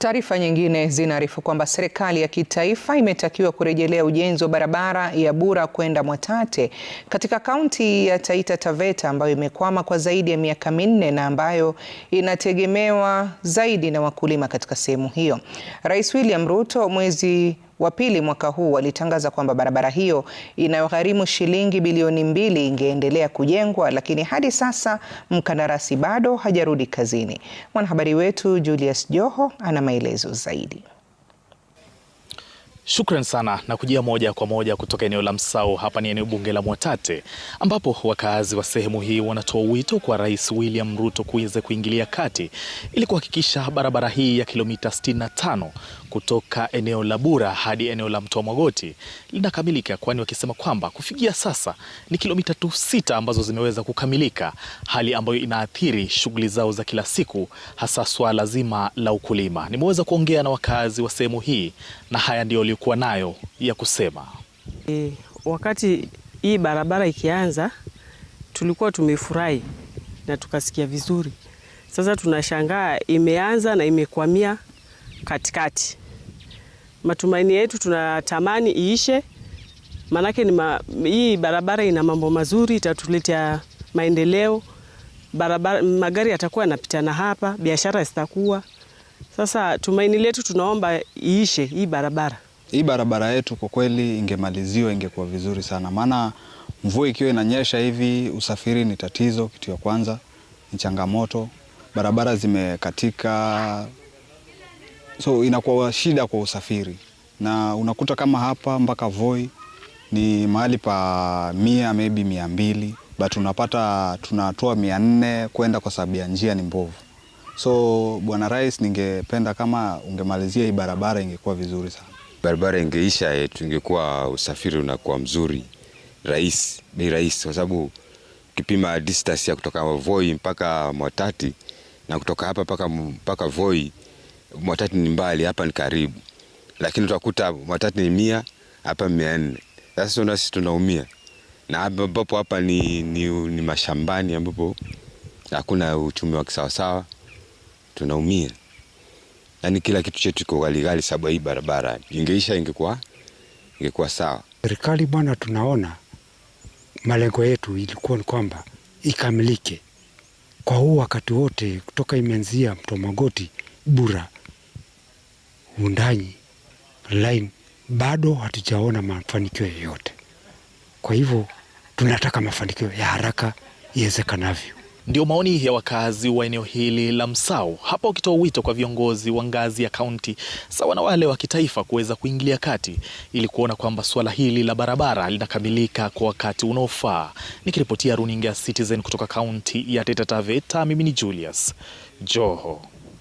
Taarifa nyingine zinaarifu kwamba serikali ya kitaifa imetakiwa kurejelea ujenzi wa barabara ya Bura kwenda Mwatate katika kaunti ya Taita Taveta ambayo imekwama kwa zaidi ya miaka minne na ambayo inategemewa zaidi na wakulima katika sehemu hiyo. Rais William Ruto mwezi wa pili mwaka huu walitangaza kwamba barabara hiyo inayogharimu shilingi bilioni mbili ingeendelea kujengwa, lakini hadi sasa mkandarasi bado hajarudi kazini. Mwanahabari wetu Julius Joho ana maelezo zaidi. Shukran sana na kujia moja kwa moja kutoka eneo la Msau. Hapa ni eneo bunge la Mwatate ambapo wakaazi wa sehemu hii wanatoa wito kwa Rais William Ruto kuweza kuingilia kati ili kuhakikisha barabara hii ya kilomita 65 kutoka eneo la Bura hadi eneo la Mto Mogoti linakamilika, kwani wakisema kwamba kufikia sasa ni kilomita tu sita ambazo zimeweza kukamilika, hali ambayo inaathiri shughuli zao za kila siku, hasa swala zima la ukulima. Nimeweza kuongea na wakaazi wa sehemu hii na haya ndio waliokuwa nayo ya kusema? E, wakati hii barabara ikianza tulikuwa tumefurahi na tukasikia vizuri. Sasa tunashangaa imeanza na imekwamia katikati. Matumaini yetu tunatamani iishe, maanake ni ma, hii barabara ina mambo mazuri, itatuletea maendeleo barabara, magari yatakuwa yanapitana hapa, biashara zitakuwa. Sasa tumaini letu tunaomba iishe hii barabara hii barabara yetu kwa kweli ingemaliziwa, ingekuwa vizuri sana, maana mvua ikiwa inanyesha hivi usafiri ni tatizo. Kitu ya kwanza ni changamoto, barabara zimekatika, so inakuwa shida kwa usafiri, na unakuta kama hapa mpaka Voi ni mahali pa mia maybe mia mbili but unapata tunatoa mia nne kwenda kwa sababu ya njia ni mbovu. So Bwana Rais, ningependa kama ungemalizia hii barabara, ingekuwa vizuri sana barabara ingeisha, eh, tungekuwa usafiri unakuwa mzuri, rahisi, ni rahisi, kwa sababu kipima distance ya kutoka Voi mpaka Mwatati na kutoka hapa mpaka mpaka Voi, Mwatati ni mbali, hapa ni karibu, lakini utakuta Mwatati ni mia, hapa mia nne. Sasa nasi tunaumia na ambapo hapa ni, ni, ni mashambani ambapo hakuna uchumi wa kisawasawa, tunaumia yani kila kitu chetu kiko ghalighali sababu sababu hii barabara ingeisha, ingekuwa ingekuwa sawa. Serikali bwana, tunaona malengo yetu ilikuwa ni kwamba ikamilike kwa huu wakati wote, kutoka imeanzia Mto Magoti, Bura, undani line bado hatujaona mafanikio yoyote. Kwa hivyo tunataka mafanikio ya haraka iwezekanavyo. Ndio maoni ya wakazi wa eneo hili la Msau, hapa wakitoa wito kwa viongozi wa ngazi ya kaunti sawa na wale wa kitaifa kuweza kuingilia kati ili kuona kwamba suala hili la barabara linakamilika kwa wakati unaofaa. Nikiripotia runinga Citizen kutoka kaunti ya Taita Taveta, mimi ni Julius Joho.